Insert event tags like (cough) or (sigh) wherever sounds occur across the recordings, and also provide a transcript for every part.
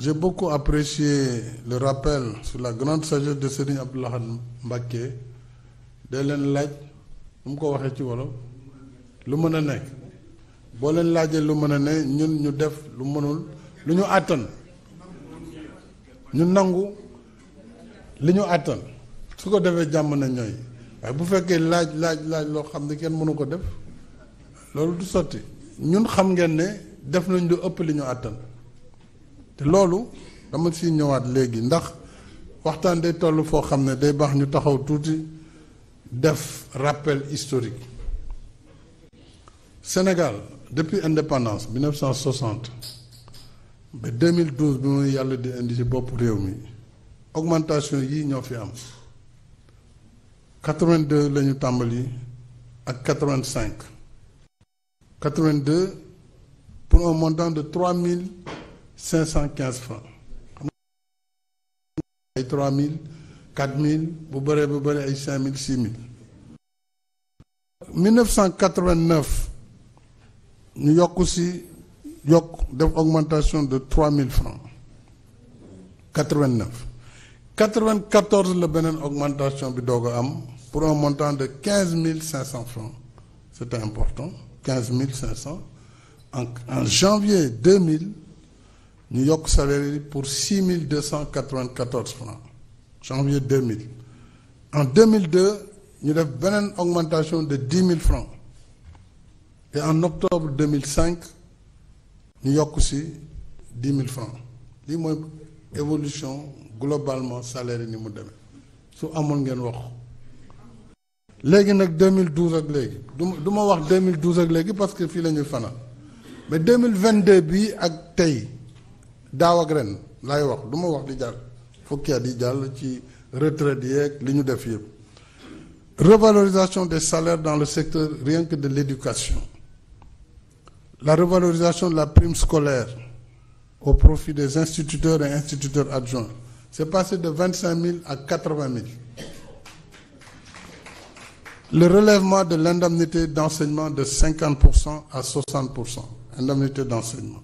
J'ai beaucoup apprécié le rappel su la grande sagesse de Serigne Abdou Lahad Mbacké day leen laaj nu mu ko waxee ci wolof lu mën a nekk boo leen laajee lu mën a ne ñun ñu def lu mënul lu ñu àttan ñu nangu li ñu àttan su ko defee jàmm na ñooy waaye bu fekkee laaj laaj laaj loo xam ne kenn mënu ko def loolu du sotti ñun xam ngeen ne def nañ lu ëpp li ñu àttan te loolu dama siy ñëwaat léegi ndax waxtaan de toll foo xam ne day baax ñu taxaw tuuti def rappel historique Sénégal depuis indépendance 1960 ba 2012 bi muy yàlla di indi ci bopp réew mi augmentation yi ñoo fi am 82 la ñu tàmbali ak 85 82 pour un montant de 3000. cinq cent quinze francs ay trois mille quatre mille bu bëree bu bëree ay cinq mille six mille mille neuf cent quatre-vingt-neuf ñu yokk si yokk def augmentation de trois mille francs quatre-vingt-neuf quatre-vingt-quatorze la beneen augmentation bi doog a am pour un montant de quinze mille cinq cents francs c'était important quinze mille cinq cents en en janvier deux mille ñu yokk salaire pour six mille deux cent quatre-vingt-quatorze francs janvier deux mille en deux mille deux ñu def beneen augmentation de dix mille francs et en octobre deux mille cinq ñu yokk ci dix mille francs lii mooy évolution globalement salaire ni mu deme su amoon ngeen wax léegi nag deux mille douze ak léegi du du ma wax deux mille douze ak léegi parce que fii la ñuy fanaan mais deux mille vingt deux bii ak tey. daaw ak ren laay wax du ma wax di jàll fukki at yi jàll ci retraite yeeg li ñu def yëpp revalorisation des salaires dans le secteur rien que de l'éducation la revalorisation de la prime scolaire au profit des instituteurs et instituteurs adjoints c'est passé de vingt cinq mille à quatre vingt mille le relèvement de l'indemnité d'enseignement de cinquante pour cent à soixante pour cent indemnité d'enseignement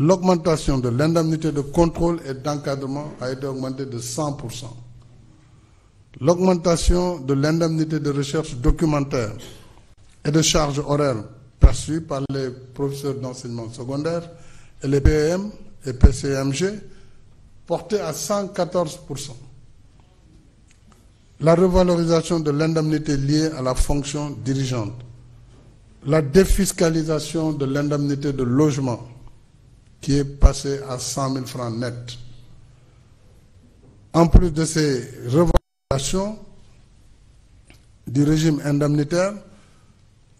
L'augmentation de l'indemnité de contrôle et d'encadrement a été augmentée de 100%. L'augmentation de l'indemnité de recherche documentaire et de charges horaires perçues par les professeurs d'enseignement secondaire et les PM e et PCMG portée à 114%. La revalorisation de l'indemnité liée à la fonction dirigeante. La défiscalisation de l'indemnité de logement qui est passé à cent mille francs net en plus de ces revendications du régime indemnitaire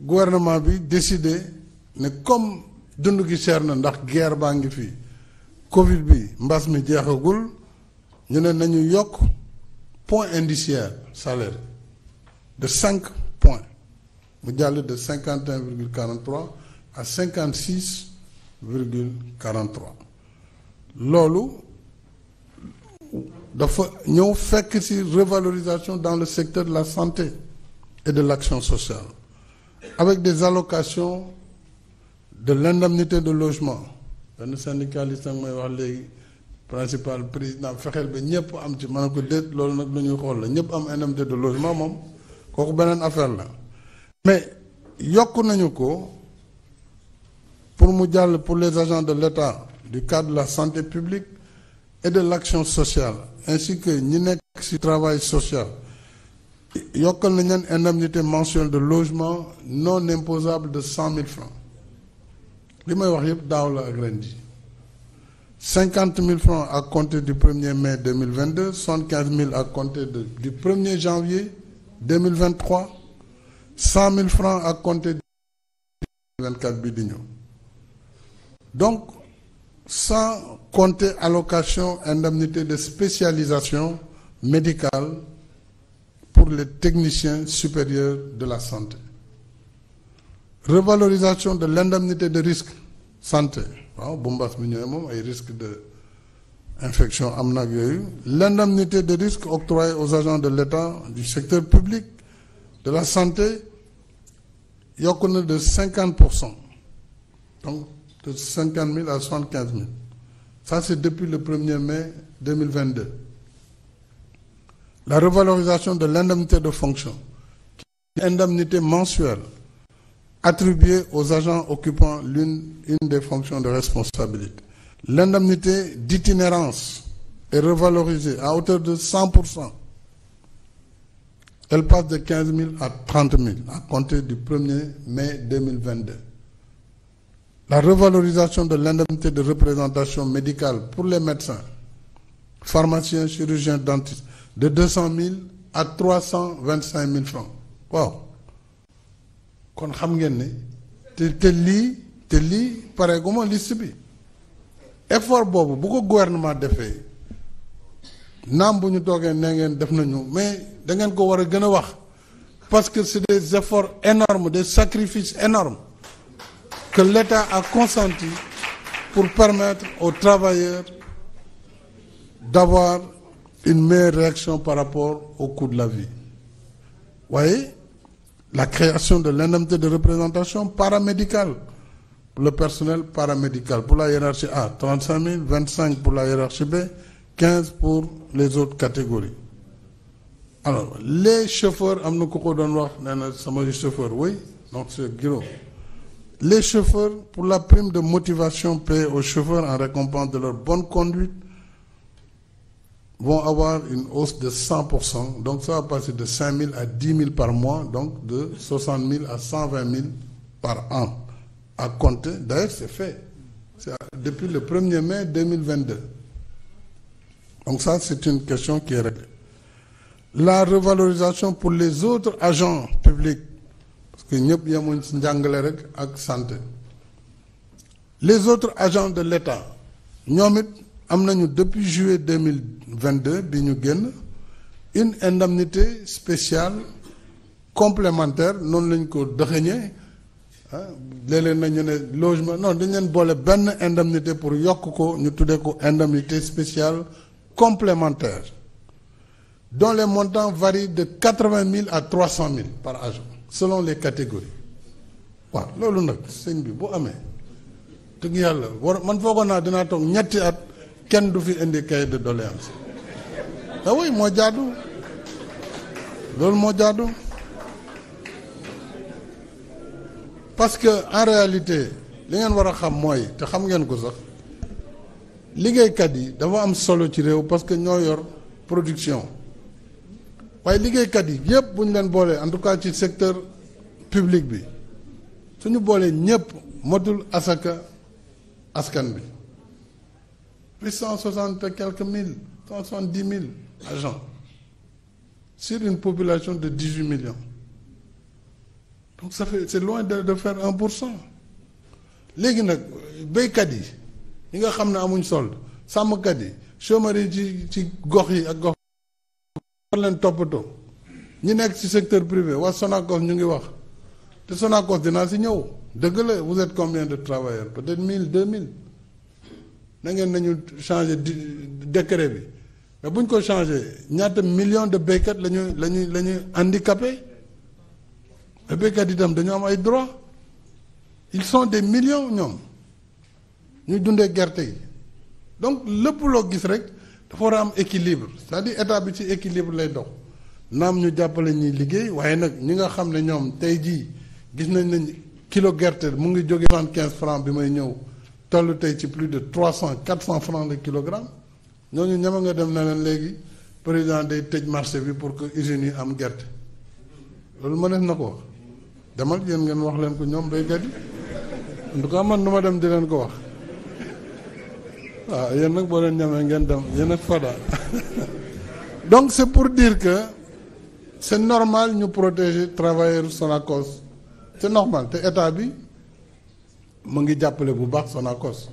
gouvernement bi décidé ne comme dund gi cher na ndax guerre baa ngi fii covid bi mbas mi jeexagul ñu ne nañu yokk point indiciaire salaire de cinq point mu jàll de cinquante et un virgule quarante trois à cinquante virgule 43 loolu dafa ñëw fekk ci revalorisation dans le secteur de la santé et de l'action sociale avec des allocations de l'indemnité de logement benn syndicaliste nag mooy wax léegi principal président fexeel ba ñëpp am ci man ko déet loolu nag lu ñuy xool la ñëpp am indemnité de logement moom kooku beneen affaire la mais yokk nañu ko pour mu jàll pour les agents de l'État du cadre de la santé publique et de l'action sociale ainsi que ñi nekk ci travail social yokkal na ñeen indemnité mensuelle de logement non imposable de cent mille francs li may wax yëpp daaw la ak ren mille francs à compter du premier mai deux mille vingt deux soixante quinze mille à compter de du premier janvier deux mille vingt trois cent mille francs à compter du vingt quatre bii di ñëw donc sans compter alocation indemnité de spécialisation médicale pour les techniciens supérieurs de la santé revalorisation de l'indemnité de risque santé waaw bu mbas mi ñëwee moom ay risque de infection am nag yooyu l'indemnité de risque octroyée aux agents de l'État du secteur public de la santé yokk na de cinquante pour cent donc de 50 000 à 75 000 ça c'est depuis le 1er mai 2022 la revalorisation de l'indemnité de fonction qui est une indemnité mensuelle attribuée aux agents occupant l'une une des fonctions de responsabilité l'indemnité d'itinérance est revalorisée à hauteur de 100% elle passe de 15 000 à 30 000 à compter du 1er mai 2022 la revalorisation de l'indemnité de représentation médicale pour les médecins, pharmaciens, chirurgiens, dentistes de deux cent 000 à trois cent vingt 325 mille francs waaw kon xam ngeen ne te te lii te lii pare gu ma liste bi effort boobu bu ko gouvernement defee naam bu ñu toogee nee ngeen def nañu mais da ngeen ko war a gën a wax parce que c'est des efforts énormes des sacrifices énormes que l'État a consenti pour permettre aux travailleurs d'avoir une meilleure réaction par rapport au coût la vie. Vous voyez, la création de représentation paramédicale le personnel paramédical. Pour la hiérarchie A, 35 000, 25 pour la hiérarchie les autres catégories. les chauffeurs am na ku ko doon wax nee na sama chauffeur les chauffeurs pour la prime de motivation payée aux chauffeurs en récompense de leur bonne conduite vont avoir une hausse de Donc ça va passer de 5 000 à 10 000 par mois, donc de 60 000 à 120 000 par an à compter. D'ailleurs, c'est fait. depuis le 1er mai 2022. Donc ça, c'est une question qui est réglée. La revalorisation pour les autres agents publics que ñëpp yemuñ ci njàngale rek ak santé les autres agents de l'État ñoom it am nañu depuis juillet deux mille vingt deux bi ñu génn une indemnité spéciale complémentaire noonu lañ ko dëxëñee ah léeg na ñu ne logement noonu dañ leen boole benn indemnité pour yokk ko ñu tuddee ko indemnité spéciale complémentaire dont les montants varient de quatre-vingt mille à trois cent mille par agent. selon le catégories waaw loolu nag sëñ bi bu amee dëgg yàlla war man foogoon naa dinaa toog ñetti at kenn du fi indi cahier de doléance ah oui moo jaadu loolu moo jaadu parce que en réalité li ngeen war a xam mooy te xam ngeen ko sax liggéeykat yi dafa am solo ci réew parce que ñoo yor production waaye liggéeykat yi yëpp bu ñu leen boolee en tout cas ci secteur public bi suñu boolee ñëpp matul asaka askan bi huit cent soixante et quelques mille cent soixante dix mille agent sur une population de dix huit million donc ça fait c'est loin de de faire un pour cent léegi nag béykat yi ñi nga xam ne amuñ solde sàmmkat yi chômeurs yi ci ci gox yi ak gox war leen toppatoo ñi nekk ci secteur privé waa Sonacos ñu ngi wax te Sonacos dinaa si ñëw dëgg la vous êtes combien de travailleurs peut-être mille deux mille na ngeen nañu changer décret bi mais bu ko changé ñaata millions de béykat la ñu la ñu la ñu handicapé mais béykat itam dañu am ay droits il sont des millions ñoom ñuy dundee gerte yi donc lépp loo gis rek. dafa war am équilibre cest à état bi ci équilibre lay dox naam ñu jàppale ñuy liggéey waaye nag ñi nga xam ne ñoom tey jii gis nañ ne kilo gerte mu ngi jóge soixante quinze francs bi may ñëw toll tey ci plus de trois cent quatre cent francs kilo kilogramme ñooñu ñama nga dem na leen léegi président day tëj marché bi pour que usines yi am gerte loolu ma def na ko demal yéen ngeen wax leen ko ñoom béykat yi en tout cas man na ma dem di leen ko wax waaw ah, yéen nag boo leen ñamee ngeen dem yéen ak Fada (laughs) donc c'est pour dire que c'est normal ñu protéger travailleurs Sonacos c'est normal te état bi mu ngi jàppale bu baax Sonacos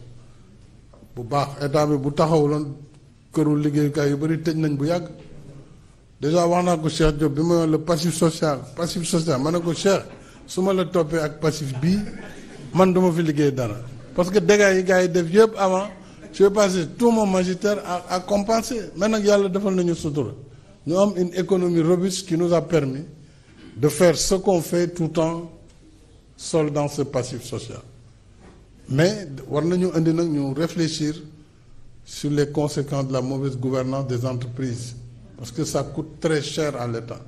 bu baax état bi bu taxawuloon këru liggéeyukaay yu bëri tëj nañ bu yàgg déjà wax naa ko Cheikh Diop bi ma le passif social passif social ma ne ko Cheikh su ma la toppee ak passif bii man duma fi liggéey dara parce que dégâts yi gars yi def yëpp avant. j'ai passé tout mon magistère à à compenser mais nag yàlla defal nañu sutura ñu am une économie robuste qui nous a permis de faire ce qu'on fait tout sol soldant ce passif social mais war nañu indi nag ñu réfléchir sur les conséquences de la mauvaise gouvernance des entreprises parce que ça coûte très cher à l'État